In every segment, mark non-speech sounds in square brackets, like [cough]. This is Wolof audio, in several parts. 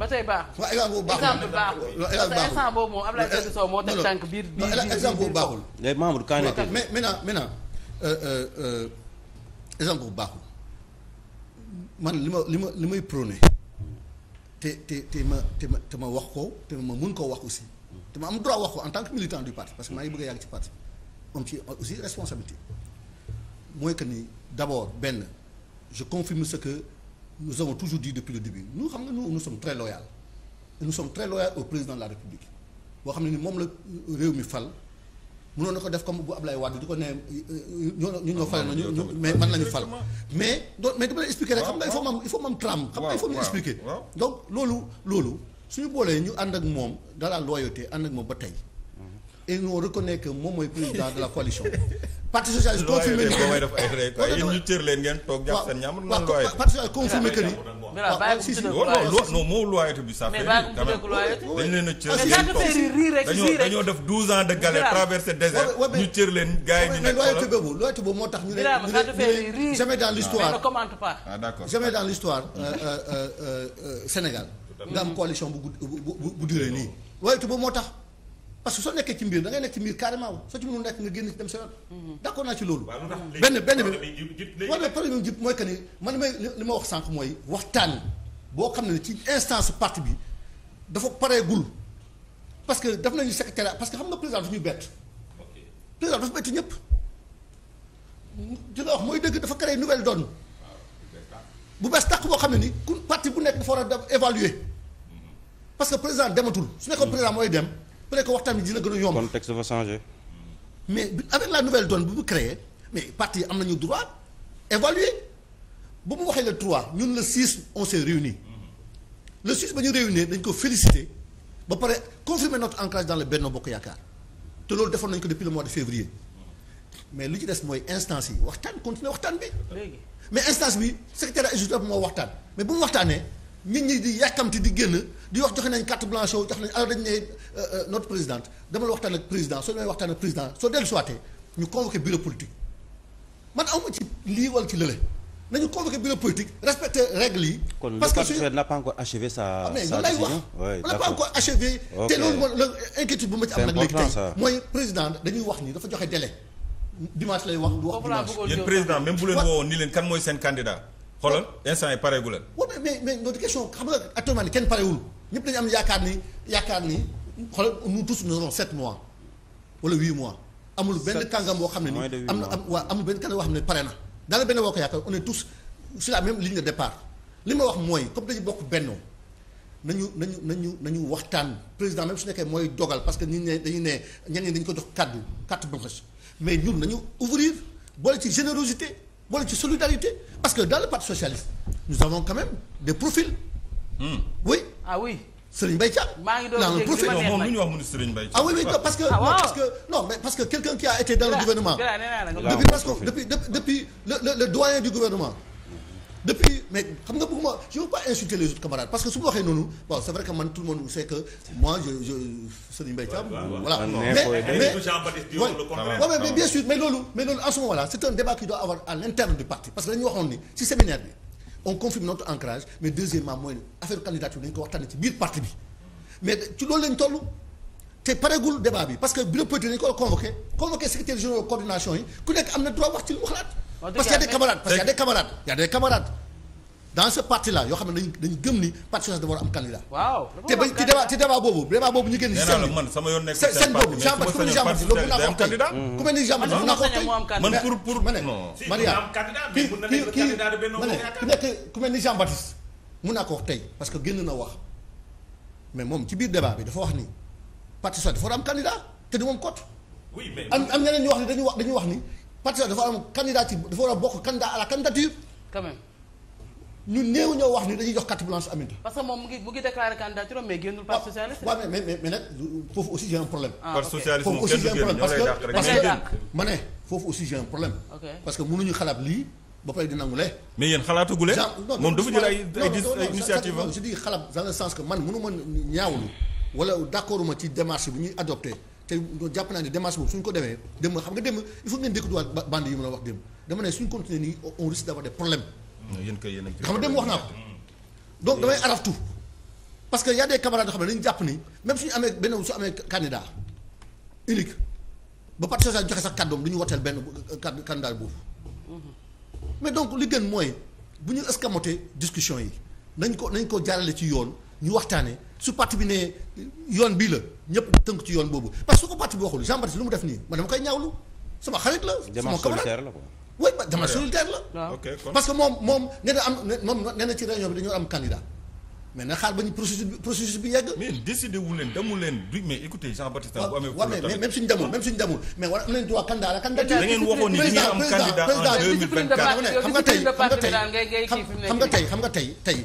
ba tey baaxul. waaw exemple boobu baaxul exemple baaxul boobu moom Abdoulaye Seydou Sow moo teg tànk biir biir man li ma li ma li may prôné te te te ma te ma te ma wax ko te ma mun koo wax aussi te ma am droit wax ko en tant que militant du parti parce que maa ngi bëgg a yàgg ci parti mooy que ni d'abord benn je confirme ce que. nous avons toujours dit depuis le début xam nga nous nous sommes très loyaux et nous sommes très loyaux au président de la république boo xam ne ni moom la réew mi fal mënoon na ko def comme bu Ablaye Wade di ko ne ñu ñoo fal na ñu mais man lañu fal mais do mais dama lay expliquer rek xam nga il faut ma am il faut ma am trame xam nga il faut mu expliquer donc loolu loolu ñu boolee ñu ànd ak moom dans la loyauté ànd ak moom ba tey et nous on reconnaît que moom mooy président de la coalition [laughs] parti socialiste confirmé ni yéen ñu tër leen ngeen confirmé que ni non leen a cër ngeen toog dañoo def 12 ans de galère traversé désert ñu cër leen gars yi ñu nekk loyauté boobu loyauté boobu moo tax ñu ne jamais dans l'histoire jamais dans l'histoire Sénégal nga am coalition bu bu bu durée nii loyauté boobu moo tax parce que soo nekkee ci mbir da ngay nekk ci mbir carrément wu soo ci mënul nekk nga génn dem sa yoon. Mm-hmm. naa ci loolu. Mm-hmm. benn benn bi wala problème jub mooy que ni man may li ma wax sànq mooy waxtaan boo xam ne ci instance parti bi dafa pareegul parce que daf nañu secrétaire parce que xam nga président dafa ñu bett. président dafa bett ñëpp. di la mooy dëgg dafa créé nouvelle donne. bu bees tàq boo xam ne ni ku parti bu nekk dafa war a évaluer mm-hmm. parce que président dematul su nekkoon président mooy dem. peut-être que waxtaan bi dina gën a yomb. contexte dafa changé. mais avec la nouvelle donne bu mu créé mais parti yi am nañu droit évaluer bu mu waxee le 3 ñun le 6 on s'est réunis le 6 ba ñu réunir dañ ko féliciter ba pare confirmer notre ancrage dans le Benno Bokk Yaakaar te loolu defoon nañ ko depuis le mois de février mais lu ci des mooy instance yi waxtaan continuer waxtaan bi. mais instance bi secrétaire exécutif moo waxtaan mais bu mu waxtaanee. nit ñi di yàkkamti di génn di wax joxe nañ carte blanche jox nañ alors dañ ne euh, euh, notre présidente dama la waxtaan ak président soo demee waxtaan ak président soo dellu soité ñu convoqué bureau politique man awma ci lii wala ci lële nañu convoqué bureau politique respecter règles ah, dañuy wax ni dafa joxe délai. dimanche lay wax du wax dimanche. président leen kan mooy seen candidat. xoolal instant yi pareegu leen. waaw mais mais mais question xam nga actuellement ni kenn parewul ñëpp dañu am yaakaar ni yaakaar ni xoolal nous tous nous avons mois wala huit mois. amul benn kàngam boo xam ne nii am na am waaw amul benn kàngam boo xam ne pare na. daanaka benn boo ko yaakaar on est tous sur la même ligne de li ma wax mooy comme dañu bokk bennoo nañu nañu nañu nañu waxtaan président même su nekkee mooy dogal parce que ñu ne dañu ne ñenn ñi dañu ko jox kàddu carte blanche mais ñun nañu ouvrir boole ci générosité. wala ci solidarité parce que dans le parti socialiste nous avons quand même des profils. Hmm. Ah oui. Serigne Mbaye Thiam. maa ngi doon dégg li lu ñu wax Serigne Mbaye Thiam. Ah oui parce que non ah, parce que non mais parce quelqu'un qui a été dans le gouvernement. depuis parce que depuis depuis le doyen du gouvernement. depuis mais xam nga bëgguma je veux pas insulter les autres camarades parce que su ma waxee noonu bon c'est vrai que man tout le monde sait que moi je je Serigne Mbaye Thiam mais bien sûr mais loolu mais loolu à ce moment c'est un débat qui doit avoir à l'interne du parti parce que dañu waxoon ni ci séminaire bi on confirme notre ancrage mais deuxièmement mooy affaire candidature dañu ko waxtaanee ci biir parti bi mais loolu lañ toll te pareegul parce qu'il y a des camarades parce qu'il y a des camarades il a ce parti là yoo xam ne dañ dañ gëm ni parti dafa war a am candidat. waaw te ba ci débat ko wax parce que génn na wax moom ci biir débat bi dafa wax ni parti socialiste dafa war a am candidat te du moom cote. oui am am ñu wax ni dañu wax dañu wax ni. parti dafa am candidature dafa war a bokk candidat à ñu néew ñoo wax ni dañuy jox carte blanche Aminata. parce que moom mu ngi mu ngi mais génnul parti ah, socialiste. waaw problème. Ah, parce que parce ma ne foofu xalaat lii ba di nangu lee. mais yéen xalaatagule. genre moom dafa jël ay initiative am je dis xalaat dans le que man mënu ma ñaawlu wala d'accorduma ci démarche bi ñuy adopté. te jàpp naa ne démarche boobu suñ ko demee dem xam nga dem il faut ngeen dékkuwaat bande yi ma la wax dem dama ne suñ continuer nii on risque d'avoir des problèmes. yéen kay yéen xam nga dem wax naa donc damay araftu parce que y a des camarades yoo xam ne dañu jàpp ni même suñu amee benn su amee candidat unique ba parti social joxe sax kàddoom du ñu woteel benn candidat boobu. Mm-hmm. mais donc li gën mooy bu ñu escamoté discussion yi nañ ko nañ ko jaarale ci yoon. ñu waxtaanee su parti bi ne yoon bii la ñëpp tënk ci yoon boobu parce que su ko parti bi waxul Jean Baptiste lu mu def nii man dama koy ñaawlu sama xarit la. sama la. Ah. parce que moom moom nee na am moom nee ci réunion bi dañoo am candidat mais na xaar ba ñu processus bi yegg. mais décidé wu leen demul leen du mais écoutez Jean Baptiste. bu amee problème tamit même suñ demul même suñ demul mais war am nañu droit candidat la candidat. da ngeen waxoon ni dañuy am candidat en 2024 nga tey xam nga tey xam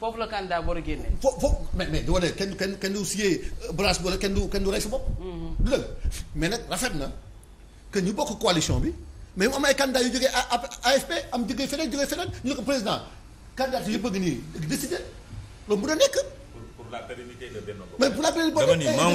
foofu la candidat war a génne. fo foofu mais mais doo dee kenn kenn kenn du siyee branche wala kenn kenn du rey sa bopp. Mm-hmm. du dëgg mais nag rafet na que ñu bokk coalition bi mais mu am ay candidats yu jógee AFP am jógee feneen jógee feneen ñu ne ko président candidat yu bëgg nii décider loolu mën a nekk. pour pour la pérennité de Benno Bokk.